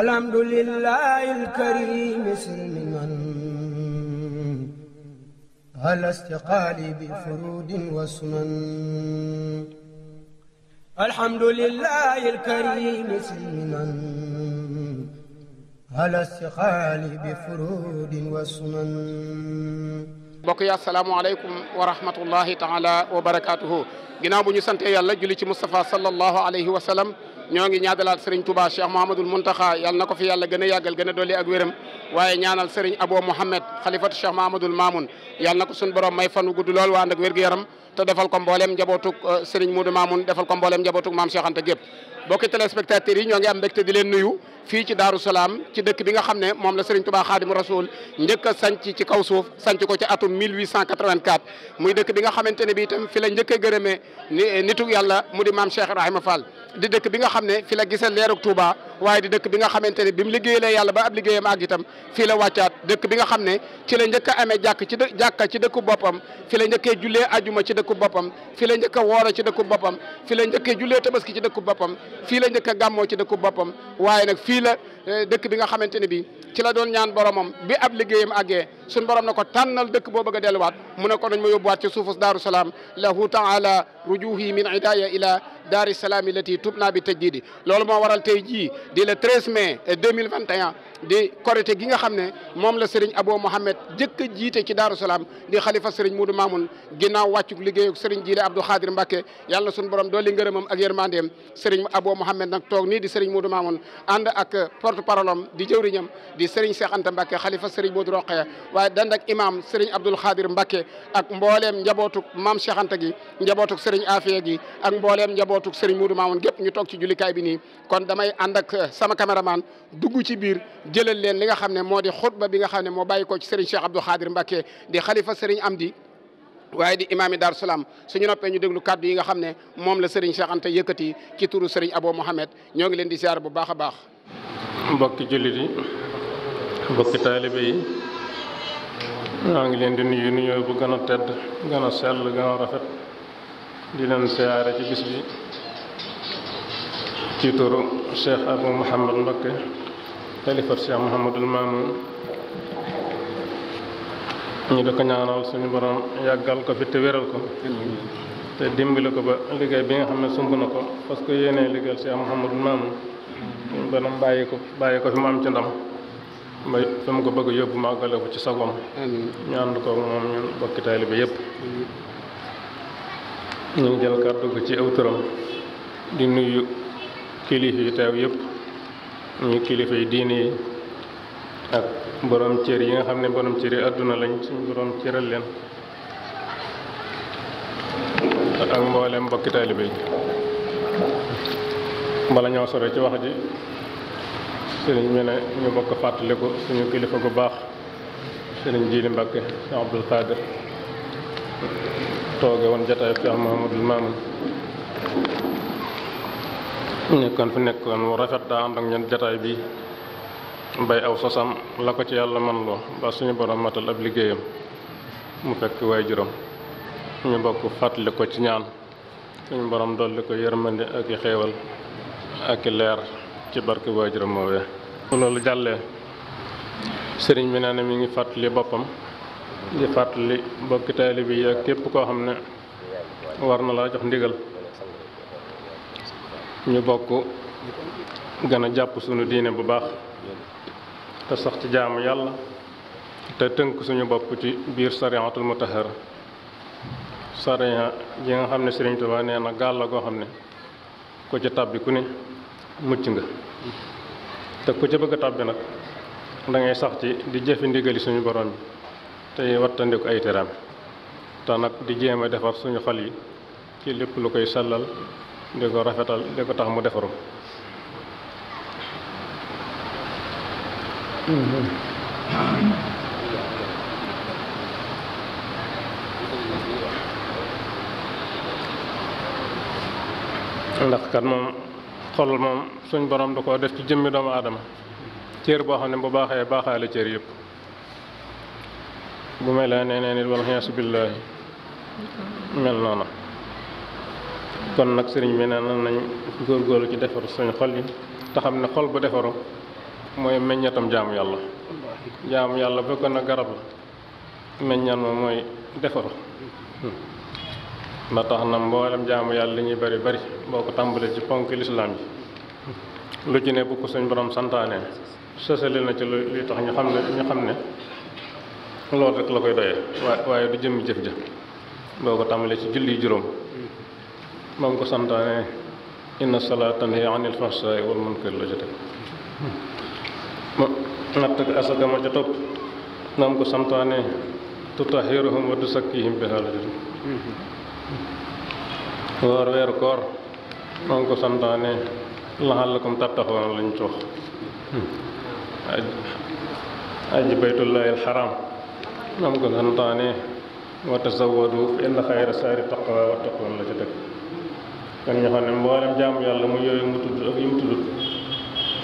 alhamdulillahi alkarim silmiman ala istiqaali bi furudin wa sunan alhamdulillahi alkarim silmiman ala istiqaali bi furudin wa sunan mbokk yi asalaamu aleykum wa rahmatullahi taala wa barakaatuhu ginnaaw bu ñu sante yàlla julli ci Mustafa sallallahu alayhi wa sallam ñoo ngi ñaadalaat sëriñ Touba Cheikh Mouhamadul Mountakha yàlla ko fi yàlla gën a yàggal gën a dolli ak wéram waaye ñaanal sëriñ Abo Mouhamed xalifatu Cheikh Mouhamadul Mamoun yàlla na ko suñu borom may fan wu lool waa ànd ak yaram te defal ko mbooleem njabootug euh, sëriñ Moudou Mamoun defal ko mbooleem njabootug maam Cheikh Anta bokki téléspectateurs yi ñoo am mbégte di leen nuyu fii ci Daaru ci dëkk bi nga xam ne moom la Serigne Touba Xaadimu a sanc ci kaw suuf sanc ko ci atum 1884 muy dëkk bi nga xamante ne bi itam fi la njëkk a gërëmee nitu yàlla mu di dëkk bi nga xam ne fi la gisee leerug Touba waaye di dëkk bi nga xamante ne bi mu liggéeyalee yàlla ba ab liggéeyam àgg itam fii la wàccaat dëkk bi nga xam ne ci la njëkk a amee jàkk ci dë ci dëkku boppam fi la njëkkee jullee ajuma ci dëkku boppam fi la njëkk a woora ci dëkku boppam fi la njëkkee jullee tabaski ci dëkku boppam fii la njëkk a gàmmoo ci dëkku boppam waaye nag fii Eh, dëkk bi nga xamante ne bi ci la doon ñaan boromam bi ab liggéeyam àggee suñ borom na ko tànnal dëkk boo bëgg a delluwaat mu ne ko nañ ma yóbbuwaat ci suufus daaru salaam lahu taala rujuhi min idaya ila daari salaam illati tubna bi tajdiidi lool moo waral tey jii di le 13 mai 2021 di korite gi nga xam ne moom la Serigne Abo Mohamed jëkk a jiite ci Daaru Salaam di xalifa Serigne Moudou Mamoun ginnaaw wàccuk liggéey ak Serigne Jiile Abdou Khadir Mbacke yàlla na suñu borom dooli ngërëmam ak yërmandeem Serigne Abo Mohamed nag toog nii di Serigne Moudou Mamoun ànd ak porte parole am di jëwriñam di Serigne Cheikh Anta Mbacke xalifa Serigne Modou Rokhaya waaye dand ak imam Serigne Abdoul Khadir Mbacke ak mbooleem njabootuk maam Cheikh Anta gi njabootuk Serigne Afia gi ak mbooleem njabootuk Serigne Moudou Mamoun gépp ñu toog ci jullikaay bi nii kon damay ànd ak sama caméraman dugg ci biir jëlal leen li nga xam ne moo di ba bi nga xam ne moo bàyyi ko ci Serigne Cheikh Abdou Khadir Mbacké di xalifa am di waaye di imaami Darou Salaam suñu noppee ñu déglu kàddu yi nga xam ne moom la Serigne Cheikh Anta yëkkati ci turu Serigne Abo Mohamed ñoo ngi di ziar bu baax a baax. mbokki jullit yi mbokki ngi leen di nuyu nuyoo gën a tedd gën a sell rafet di leen siyaare bi ci xelifat Cheikh Mouhamadul Mamoun ñu di ko ñaanal suñu borom yàggal ko fi te wéral ko te dimbali ko ba liggéey bi nga xam ne sumb na ko parce que yéenee liggéeyal Cheikh Mouhamadul Mamoun suñu borom bàyyi ko bàyyi ko fi mu am ci ndam ba fi mu ko bëgg yóbbu màggale ko ci sagom ñu ànd ko moom ñun bokki taalibe yépp ñu jël kàddu ko ci aw turam di nuyu kilifa teew yépp ñu kilifay diine yi ak borom cër yi nga xam ne borom cër yi àdduna lañ suñ borom cëral leen ak mboolem mbokki taalibe yi bala ñoo sore ci wax ji sëriñ bi ñu bokk fàttaliku suñu kilifa bu baax sëriñ Jiili Mbàkke Cheikh Abdul Qadir tooge woon jataay Cheikh Mahamadul Maamun nekkoon fi nekkoon mu rafet daa ànd ak ñun jataay bi bay aw sosam la ko ci yàlla man loo ba suñu borom matal ab liggéeyam mu fekk waay juróom ñu bokk fàttali ko ci ñaan suñu borom dolli ko yërmande ak i xéewal ak i leer ci barke waay juróom moowee loolu jàllee sëriñ bi nee na mi ngi fàttali boppam di fàttali bokki taalibe yi ak képp koo xam ne war na laa jox ndigal ñu bokk gën a jàpp sunu diine bu baax te sax ci jaamu yàlla te tënk suñu bopp ci biir sariyatul mutahara sariya yi nga xam ne Sëriñ Tuubaa nee na gaal la goo xam ne ku ci tàbbi ku ne mucc nga te ku ci bëgg a tàbbi nag da ngay sax ci di jëfi ndigali suñu borom bi tey wattandiku ay teraam te nag di jéem a defar suñu xol yi ci lépp lu koy sellal di ko rafetal di ko tax mu defaru ndax kat moom xol moom suñ borom da koo def ci jëmmi doomu aadama cër boo xam ne bu baaxee baaxaale cër yépp bu mel nee nee nit wala xiyaasu billaahi mel noona kon nag sëriñ bi nee na nañ góorgóorlu ci defaru suñu xol yi te xam ne xol bu defaru mooy meññatam jaamu yàlla jaamu yàlla ba gën a garab la meññan ma mooy defaru nda tax na mboolem jaamu yàlla li ñuy bari bari boo ko tàmbalee ci ponk lislaam yi lu ci ne bu ko suñ borom santaane sosali na ci lu tax ñu xam ne ñu xam ne loolu rek la koy doyee waaye du jëmmi jëf ja boo ko tàmbalee ci julli juróom ba mu ko santaane inna salaata tanhi anil fahsaa'i wal munkari la ca teg asaka ma ca topp ko santaane tutahhiruhum wa tuzakkihim bihaa la ca teg woor koor na ko santaane la'allakum tattaquuna lañ ci wax aji baytullahi alxaram na mu ko santaane wa tazawwadu fa inna xayra saari taqwa wa la ca kon ñu xam ne mboolem jaamu yàlla mu yooyu mu tudd ak yu mu tudd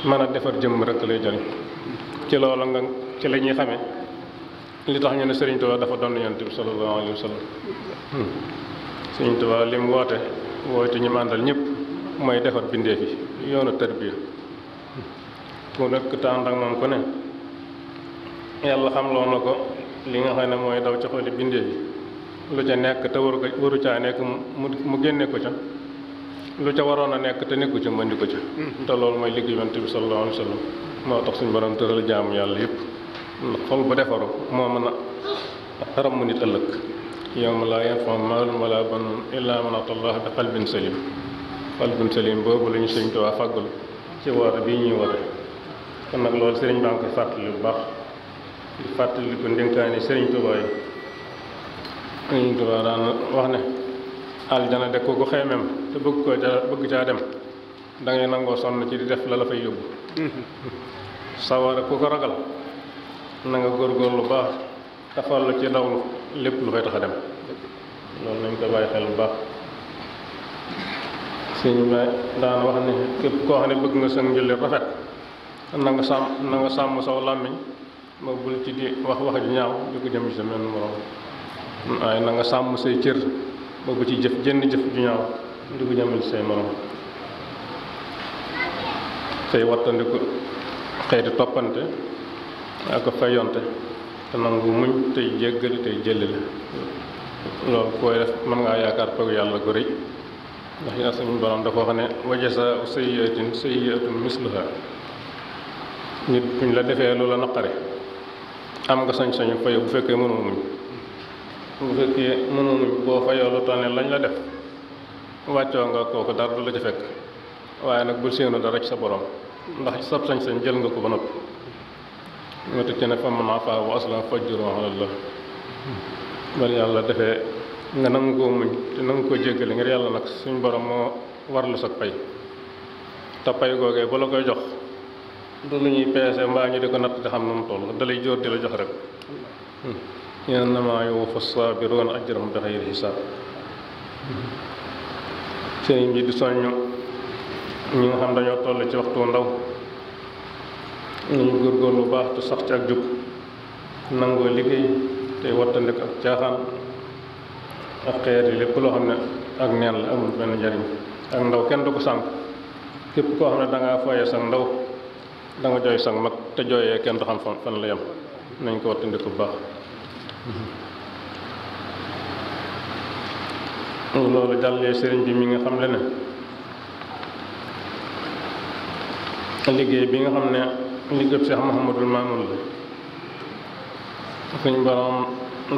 mën a defar jëmm rek lay jëriñ ci loolu nga ci la ñuy xamee li tax ñu ne Serigne dafa doon yonent bi sallallahu alayhi wa sallam li mu woote woote ñu màndal ñëpp mooy defar bindeef yi yoonu tarbiya ku nekk tànd ak moom ku ne yàlla xamloo na ko li nga xam ne mooy daw ci xooli bindeef yi lu ca nekk te waru ko waru caa nekk mu mu génne ko ca. lu ca waroon a nekk te nekku ca mëndi ko ca mm-hmm. te loolu mooy liggéey yonent bi sallallahu alayhi moo tax suñu borom tëral jaamu yàlla yëpp ndax xol bu defaru moo mën a ramm nit ëllëg yawma laa yanfa'u maalun wala banuun illaa man ataa Allaha bi qalbin salim qalbin salim boobu la ñu sëñ fàggul ci woote bii ñuy woote kon nag loolu sëriñ baa ngi koy fàttali bu baax di fàttali ko ndénkaane sëriñ Tuubaa yi sëriñ Tuubaa daan wax ne aljana de ku ko xeemeem te bëgg koo caa bëgg caa dem da ngay nangoo sonn ci di def la la fay yóbbu sawara ku ko ragal nanga góor góorgóor lu baax la ci dawlu lépp lu fay tax a dem loolu nañ ko bàyyi xel bu baax sëñ bay daan wax ne képp koo xam ne bëgg nga sën njulli rafet na nga sàmm na sàmm saw làmmiñ ma bul ci di wax wax ju ñaaw di ko jëm ci sa menn morom waaye na sàmm say cër ba ci jëf jënn jëf ju ñaaw di ko ñamil say morom tey wattandiku xeeti toppante ak fayonte te nangu muñ tey jéggali tey jëlale loolu koy def mën ngaa yaakaar pagu yàlla gu rëy ndax yaa suñu borom dafa wax ne wa jazaa'u sayyi'atin sayyi'atun misluha nit buñ la defee loola naqari am nga sañ-sañu fay bu fekkee mënoo muñ bu fekkee mënoonu boo fayoo lu toll ne lañ la def wàccoo nga kooku dara du la ci fekk waaye nag bul séenu dara ci sa borom ndax ci sab sañ-sañ jël nga ko ba nopp nga tëj ci ne fa man afaa wa aslama fajruhu alallah bari yàlla defee nga nangu koo muñ te nangu koo li ngir yàlla nag suñ borom moo warlu sa pay te pay googee bu la koy jox du lu ñuy peese mbaa ñu di ko natt di xam nu mu toll dalay jóor di la jox rek innamaa yuwaffa saabiruuna ajrahum bi xayri hisaab sëriñ bi di soññu ñi nga xam dañoo toll ci waxtu ndaw nañu góorgóorlu baax te sax ci ak jub nangoo liggéey tey wattandik ak caaxaan ak xeer yi lépp loo xam ne ak neen la amul benn njariñ ak ndaw kenn du ko sànq képp koo xam ne dangaa fooyee sax ndaw danga jooy sax mag te jooyee kenn du xam fan fan la yem nañ ko wattandik bu baax loolu jàllee sëriñ bi mi nga xam le ne liggéey bi nga xam ne liggéey Cheikh Mouhamadul Mamoun la suñ borom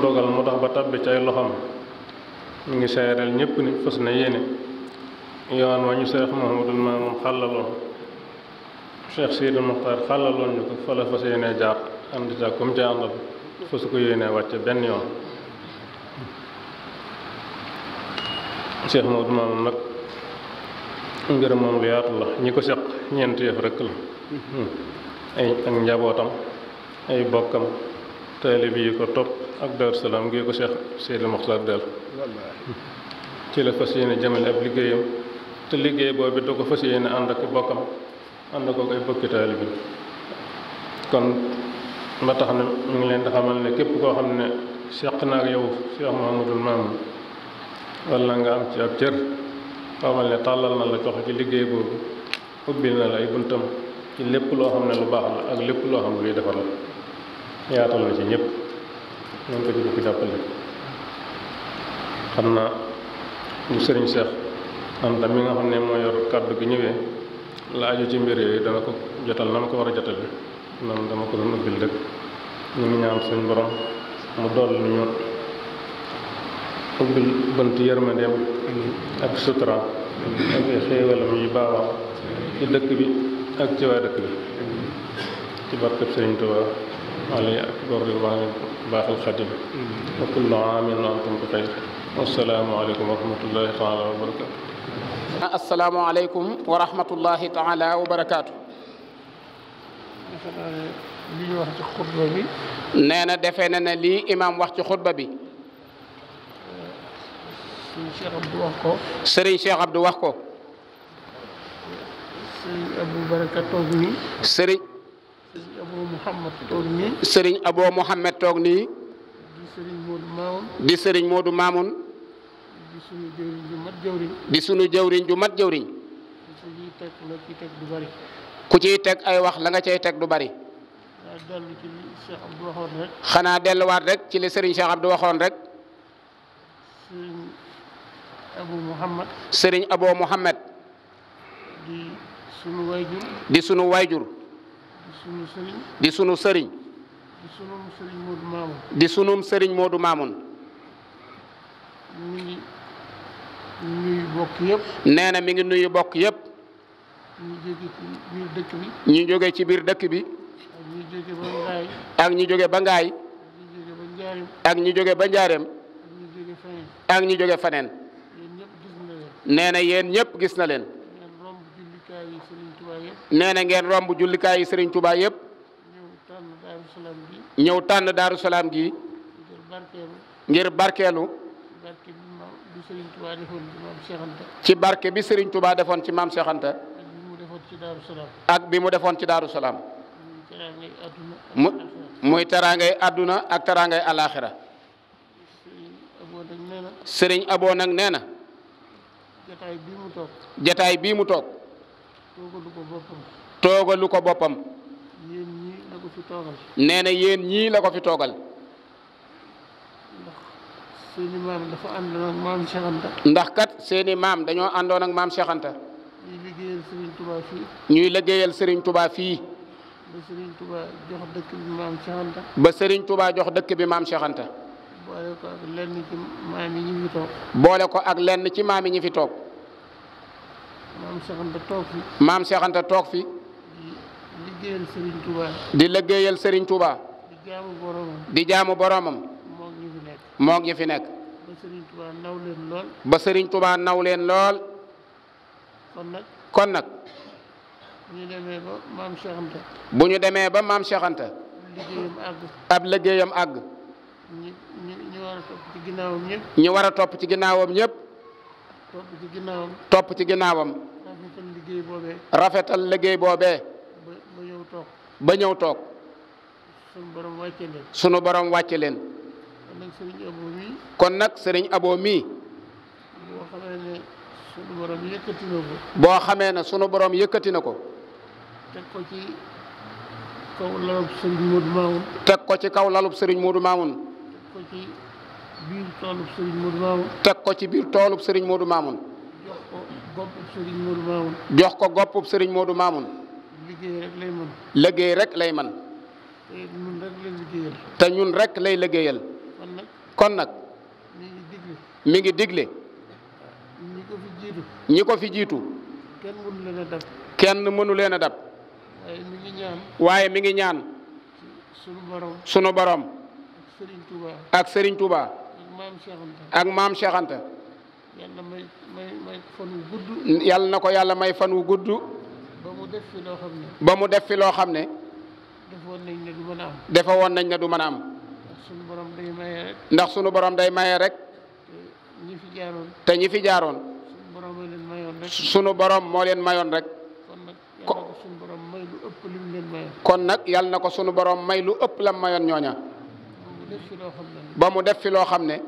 dogal mu tax ba tàbbi ci ay loxoom mu ngi seeral ñépp ni fës na yéene yoon wa ñu Cheikh Mouhamadul Mamoun xàllaloon Cheikh Sidi Mokhtar xàllaloon ñu ko fa la fas jaar ànd ca comme ca fasu ko yéene wàcce benn yoon Cheikh Maodo Mamoun nag ngërëm moom lu yaatu la ñi ko set ñeent yëf rekk la ay ak njabootam ay bokkam taalib yi ko topp ak Daaru Salaam gi ko Cheikh Seydil Moxtar del ci la fas yéene jëmale ab liggéeyam te liggéey boobu da ko fas yéene ànd ak bokkam ànd ko ay bokki taalib kon ba tax na mu ngi leen di xamal ne képp koo xam ne seq na ak yow Cheikh Mouhamadul Mamoun wala nga am ci ab cër xamal ne tàllal na la jox ci liggéey boobu ubbil na la ay buntam ci lépp loo xam ne lu baax la ak lépp loo xam ne luy defar la yaatal na ci ñëpp ñu ngi ko ci bëgg jàppale xam naa bu sëriñ Cheikh Anta mi nga xam ne moo yor kàddu gi ñëwee la aju ci mbir yooyu dana ko jotal na ma ko war a jotal bi man dama ko doon ubbil rek ñu ngi ñaan suñ borom mu dolli ñu ubbil bunt yërmandeem ak sutura ak xéewalam yu baawam ci dëkk bi ak ci waa dëkk bi ci barkeb Sëriñ Tuubaa alay ak bor di wax baaxal xadim wa kullu aamin wa antum bi xayr asalaamaaleykum wa rahmatullahi taala wa barakaatu asalaamaaleykum wa rahmatullahi taala wa barakaatu li ñu wax nee na defe na ne lii imaam wax ci xutba bi. Serigne Cheikh wax ko. Serigne Cheikh Abdou toog nii. Serigne. Serigne Abou Mouhamed toog nii. di Serigne Modou Mamoun. di sunu jëwriñ ju mat jëwriñ. ku ciy teg ay wax la nga cay teg du bari xanaa delluwaat rek ci li Serigne Cheikh Abdou waxoon rek. Serigne Abou Mouhamed. di sunu wayjur. di sunu sëriñ di sunu Serigne. di sunum Serigne Modou Mamoun. di sunum Serigne Modou Mamoun. mi nee na mi ngi nuyu bokk yëpp. ñi jóge ci biir dëkk bi. ak ñi jóge ba Ngaay. ak ñi jóge ba Njaareem. ak ñi jóge faneen. nee na yéen ñëpp gis na leen. nee na ngeen romb jullikaay yi Serigne Touba yëpp. tànn Daaru Salaam gi. ngir barkeelu. ci barke bi Serigne tubaa defoon ci maam Cheikh ak bi mu defoon ci daaru salaam mu muy teraangay àdduna ak teraangay alaaxira sëriñ aboo nag nee na jataay bii mu toog jataay toogalu ko boppam toogalu ko boppam ñii la ko fi toogal nee ndax seeni maam kat seeni maam dañoo àndoon maam Cheikh ñuy liggéeyal Serigne Touba fii. ñuy liggéeyal Serigne Touba fii. ba Serigne jox dëkk bi maam Cheikh ba jox dëkk bi maam Cheikh Anta. boole ko ak lenn ci maam yi ñu fi toog. boole ko ak lenn ci maam yi toog. fi. di liggéeyal Serigne Touba. di liggéeyal Serigne jaamu boromam. di jaamu boromam. moo ngi fi nekk. moo ngi ñu fi ba Serigne Touba naw leen lool. kon nag kon nag. bu ñu demee ba maam Cheikh bu ñu demee ba maam Cheikh ab liggéeyam àgg. ñi ñi war a topp ci ginnaawam ñëpp. topp ci ginnaawam ñëpp. topp ci ginnaawam. rafetal liggéey boobee. ba ñëw toog. ba ñëw toog. sunu borom wàcce leen. sunu borom wàcce leen. kon nag sëriñ Abo mii. sunu borom yëkkati ko. boo xamee ne sunu borom yëkkati na ko. teg ko ci kaw lalub sëriñ Modou Mamoun. teg ko ci kaw lalub Serigne teg ko ci biir toolub Serigne Modou Mamoun. teg jox ko goppub sëriñ Modou Mamoun. jox ko liggéey rek lay man liggéey te ñun rek lay liggéeyal. kon nag. mi ngi digle. ngi digle. ñi ko fi jiitu. kenn mënu dab. kenn mënu leen a dab. waaye mi ngi ñaan. waaye mi ngi ñaan. sunu borom. sunu borom. ak Serigne Touba. ak maam Cheikh Anta. na ko yàlla may fan wu gudd. ba mu def fi loo xam ne. ba nañ ne du mën a ndax sunu borom day maye rek. ndax sunu borom day maye rek. te ñi fi ñi fi jaaroon. sunu borom moo leen mayoon rek. kon nag yàlla na ko sunu borom may lu ëpp lam mayoon ñooña. ba mu def fi loo xam ne.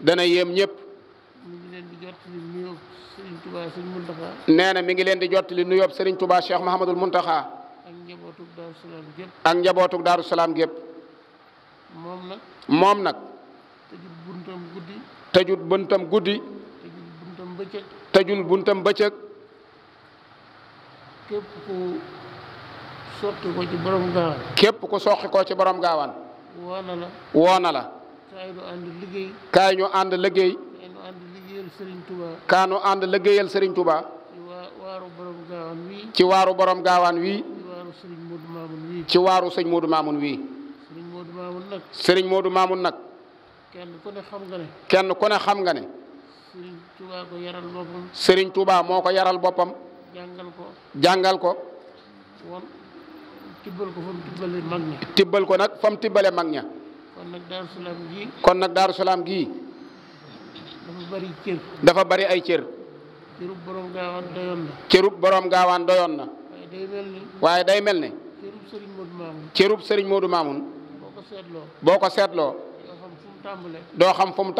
dana yéem ñëpp. nee mi ngi leen di jottali nuyoob Serigne Touba Cheikh Mahamadul Muntaxa. ak njabootug Daaru Salaam gépp. moom nag. moom tëjut buntam guddi. tëjul buntam bëccëg képp ku soqi ko ci borom gaawaan woona la woona la kaay ànd liggéey kaay ñu ànd liggéey kaay ñu ànd liggéeyal Serigne Touba kaay ñu ànd liggéeyal Serigne Touba ci waaru borom gaawaan wii ci waaru sëñ Modou Mamoun wii Serigne Modou Mamoun nag kenn ku ne xam nga ne kenn ku ne xam nga ne Serigne Touba ko yaral moo ko yaral boppam. jàngal ko jàngal ko. won tibbal ko nag fa mu tibbale mag ña. kon nag Daaru gi dafa bari ay cër. cërub borom gaawaan doyoon na. waaye day mel ni. waaye day cërub Serigne Modou Mamoun. boo ko seetloo. doo xam fu mu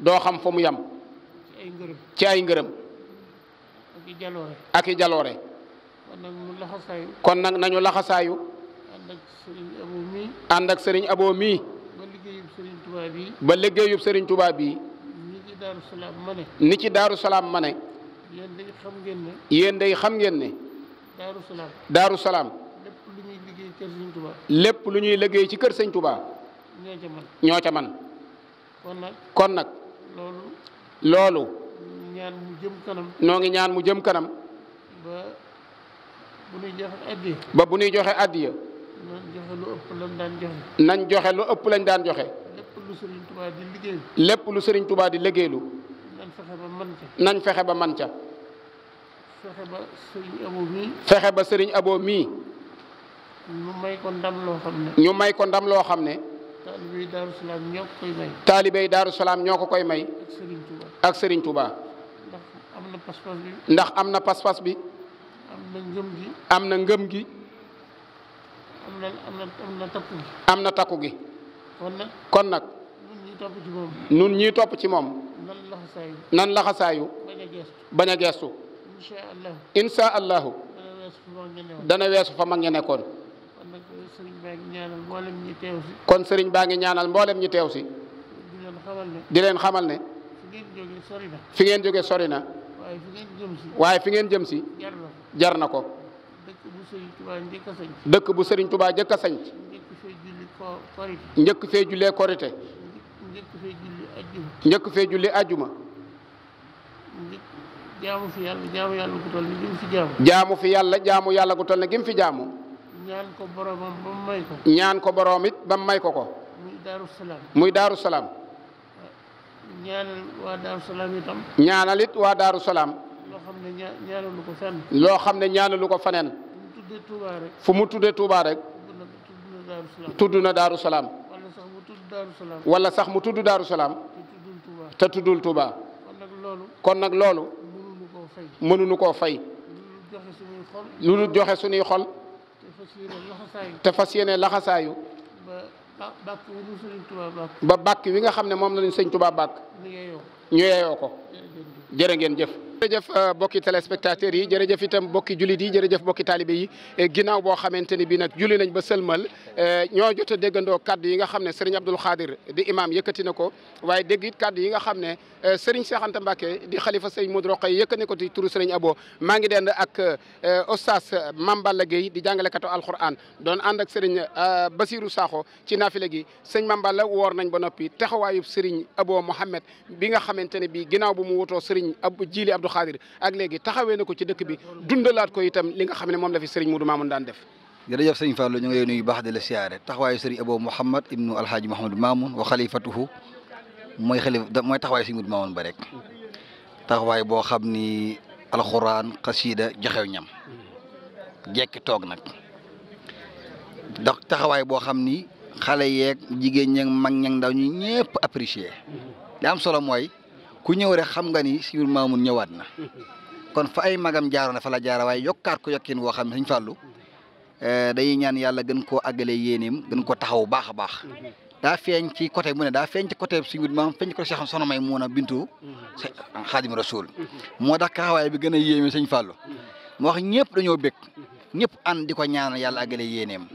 doo xam fa mu yam ci ay ngërëm ak i jaloore kon nag nañu laxasaayu ànd ak sëriñ aboo mii ba liggéeyub sëriñ tubaab bii ni ci daaru salaam ma ne yéen day xam ngeen ne yéen day xam ngeen ne lépp lu ñuy liggéey ci kër sëriñ Tuubaa ñoo ca man kon nag loolu ñaan mu jëm kanam noo ngi ñaan mu jëm kanam ba bu ñuy joxe addiya ba bu ñuy joxe addiya nañ joxe lu ëpp lañ daan joxe lañ daan joxe lépp lu Sëriñ Tuubaa di liggéeylu lépp lu Sëriñ Tuubaa di liggéeylu nañ fexe ba man ca nañ fexe ba Sëriñ Abo mii fexe may ko ndam loo xam ne ñu may ko ndam loo xam ne taalibey Daaru Salaam ñoo ko koy may. taalibey Daaru Salaam ak Serigne Touba ndax am na pas-pas bi. am na ngëm gi. am na ngëm gi. am na takku gi. kon nag kon nag. nun ñii topp ci moom. nan laxasaayu. nan laxasaayu. allahu. dana weesu fa mag ña nekkoon. kon sëriñ baa ngi ñaanal mboolem ñi teew si. di xamal ne. fi ngeen jóge sori na. waaye fi ngeen jëm si. na ko. dëkk bu sëriñ Touba njëkk a sañc. njëkk fee jullee korite. njëkk fee julli ajjuma. jaamu fi yàlla jaamu yàlla gu toll ne ne gim fi jaamu. ñaan ko boromam ba mu may ko. ñaan ko borom it may ko ko. muy daaru salaam. muy daaru salaam. loo xam ne ñaanalu ko fenn. ko feneen. fu mu tuddee Touba rek. fu tudd na daaru salaam. wala sax mu tudd daaru salaam. wala te tuddul Touba. kon nag loolu. kon nag loolu. mënuñu koo fay. mënuñu lu joxe suñuy xol. te fas yéene laxasaayu ba bàkk wi nga xam ne moom la ñu sëñ Tuubaa bàkk ñu yeeyoo ko jërë ngeen jëf jërëjëf euh, bokki téléspectateurs yi jërëjëf itam bokki julit yi jërëjëf bokki taalibe yi euh, ginnaaw boo xamante ni bi nag juli nañ ba sëlmal euh, ñoo jot a déggandoo kaddu yi nga xam ne sëriñ Abdul Xaadir di imam yëkkati na ko waaye dégg it kaddu yi nga xam ne sëriñ Cheikh Anta Mbacke di xalifa sëriñ Modou Rokhaya yëkkati ko ci turu sëriñ Abo maa ngi dend ak oustaz mambala Balla Gueye di jàngalekatu alquran doon ànd ak sëriñ Basirou Sakho ci naafile gi sëñ Mame Balla woor nañ ba noppi taxawaayu sëriñ Abo Mohamed bi nga xamante ne bi ginnaaw Serigne Abdou Jili Abdou Khadir ak léegi taxawee na ko ci dëkk bi dundalaat ko itam li nga xam ne moom la fi Serigne Modou Mamoun daan def jërëjëf sëriñ Fallou ñu ngi lay nuyu baax di la siyaare taxawaayu sëriñ Abou Mouhamad ibnu Alhaaji Mouhamad Mamoun wa xalifatuhu mooy xalif mooy taxawaayu sëriñ Modou Mamoun ba rek taxawaay boo xam ni alxuraan xasiida joxew ñam jekki toog nag ndax taxawaay boo xam ni xale yeeg jigéen ñeeg mag ñeeg ndaw ñi ñëpp apprécier li am solo mooy ku ñëw rek xam nga ni Sëriñ Maamun ñëwaat na kon fa ay magam jaaroon na fa la jaara waaye yokkaat ko yokkin woo xam ne Sëriñ Fallu eh, dañuy ñaan yàlla gën koo àggale yéeneem gën ko taxaw baax baax daa feeñ ci côté mu ne daa feeñ ci côté Sëriñ Maam feeñ ci côté Cheikh Soxna May Muuna Bintu Xaadimu Rasuul moo tax kaawaay bi gën a yéeme Sëriñ Fallu moo wax ñëpp dañoo bég ñëpp ànd di ko ñaan yàlla àggale yéeneem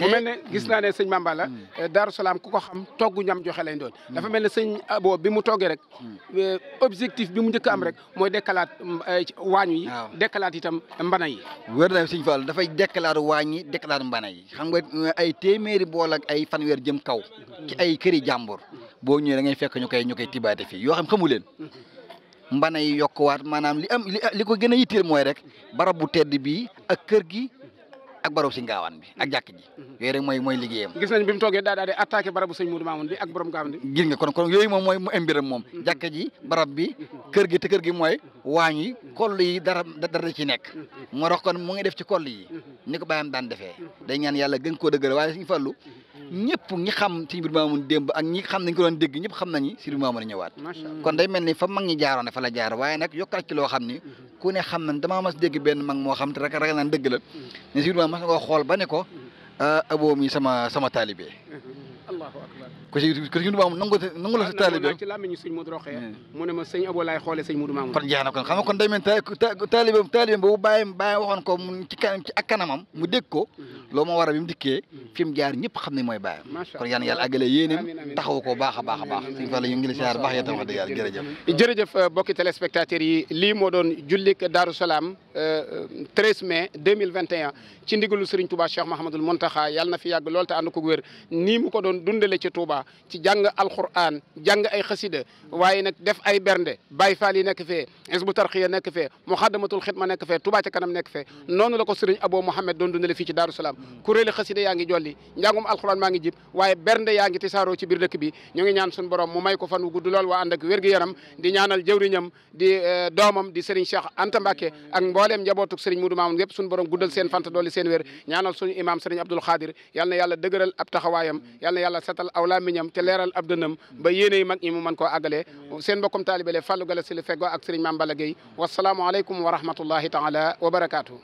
mu mel ne gis naa ne sëñ mambala la mm. eh, Daaru Salaam ku ko xam togg ñam joxe lañ doon dafa mel ne sëñ Abo bi mu toggee rek mm. eh, objectif bi mu njëkk am mm. rek mooy dekkalaat eh, waañu yi dekkalaat itam mbana yi wër sëñ Fall dafay dekkalaat waañ yi dekkalaat mbana yi xam nga ay téeméeri bool ak ay fanweer jëm kaw ci ay këri jàmbur boo ñëwee da ngay fekk ñu koy ñu koy tibaate fii yoo xam xamu leen mbana yi yokkuwaat maanaam li am li ko gën a yitteel mooy rek barab bu tedd bii ak kër gi ak barabu sëñ gaawaan bi ak jàkk ji mm-hmm. yooyu rek mooy mooy liggéeyam gis nañ bi mu toogee daa daa di attaqué barabu sëñ Modou Mamoun bi ak borom gaawaan kon kon yooyu moom mooy mu imbiram moom mm-hmm. jàkk barab bi kër te kër mooy mm-hmm. waañ yi yi dara dara da ci nekk moo tax kon mu ngi def ci koll yi ni ko bàyyam daan defee day ñaan yàlla gën koo dëgëral waaye fallu ñëpp ñi xam Sëñ Biir Maamun démb ak ñi xam nañ ko doon dégg ñëpp xam nañu Sëñ Biir Maamun a ñëwaat kon day mel ni fa mag ñi jaaroone fa la jaar waaye nag yokkaat ci loo xam ni ku ne xam nañ damaa mas dégg benn mag moo xam te rek ragal naan dëgg la mm-hmm. ne Sëñ Biir Maamun mas na ko xool ba ne ko mm-hmm. ah, aboo mi sama sama taalibe mm-hmm. ko si ko si Modou Mamoun la sa taalibe ci làmmiñu sëñ Modou Roxee mm. mu ne ma sëñ Abo laay xoolee sëñ Modou Mamoun kon jeex kon xam nga kon day mel taalibe taalibe boobu bàyyi bàyyi waxoon ko mu ci kanam ci ak kanamam mu dégg ko loo ma war a bi mu dikkee fi mu jaar ñëpp xam ne mooy bàyyam kon yaan yàlla àggale yéeneem taxaw ko baax a baax a baax suñu fa la ñu ngi la siyaar baax yéen wax dëgg yàlla jërëjëf jërëjëf euh, mbokki téléspectateurs yi lii moo doon jullik Daaru Salaam 13 euh, euh, mai 2021 ci ndigalu Serigne Touba Cheikh Mahamadul Montaxa yàlla na fi yàgg lool te ànd ko wér nii mu ko doon dundale ci Touba ci jàng alquran jàng ay xasida waaye nag def ay bernde Baay Faal yi nekk fee Hizbu Tarxiya nekk fee Muxaddamatul Xidma nekk fee Touba ca kanam nekk fee noonu la ko Serigne Abo Mohamed doon dundale fii ci Daaru Salaam Mm-hmm. kuréeli xasida yaa ngi jolli njàngum alxuraan maa ngi jib waaye bernde yaa ngi tisaaroo ci biir dëkk bi ñu ngi ñaan suñu borom mu may ko fan wu gudd lool waa ànd ak wér gu di ñaanal jëwriñam di eh, doomam di Serigne Cheikh Anta Mbacke ak mbooleem njabootuk Serigne Moudou Mamoun yëpp suñu borom guddal seen fanta dooli seen wér ñaanal suñu imam Serigne Abdoul Khadir yal na yàlla dëgëral ab taxawaayam yal na yàlla setal aw làmmiñam te leeral ab dënam ba yéene yi mag ñi mu mën koo agale seen mbokkum taalibale Fallou Galass li feggoo ak Serigne Mame Balla Gueye wasalaamu aleykum wa rahmatullahi taala wa barakaatu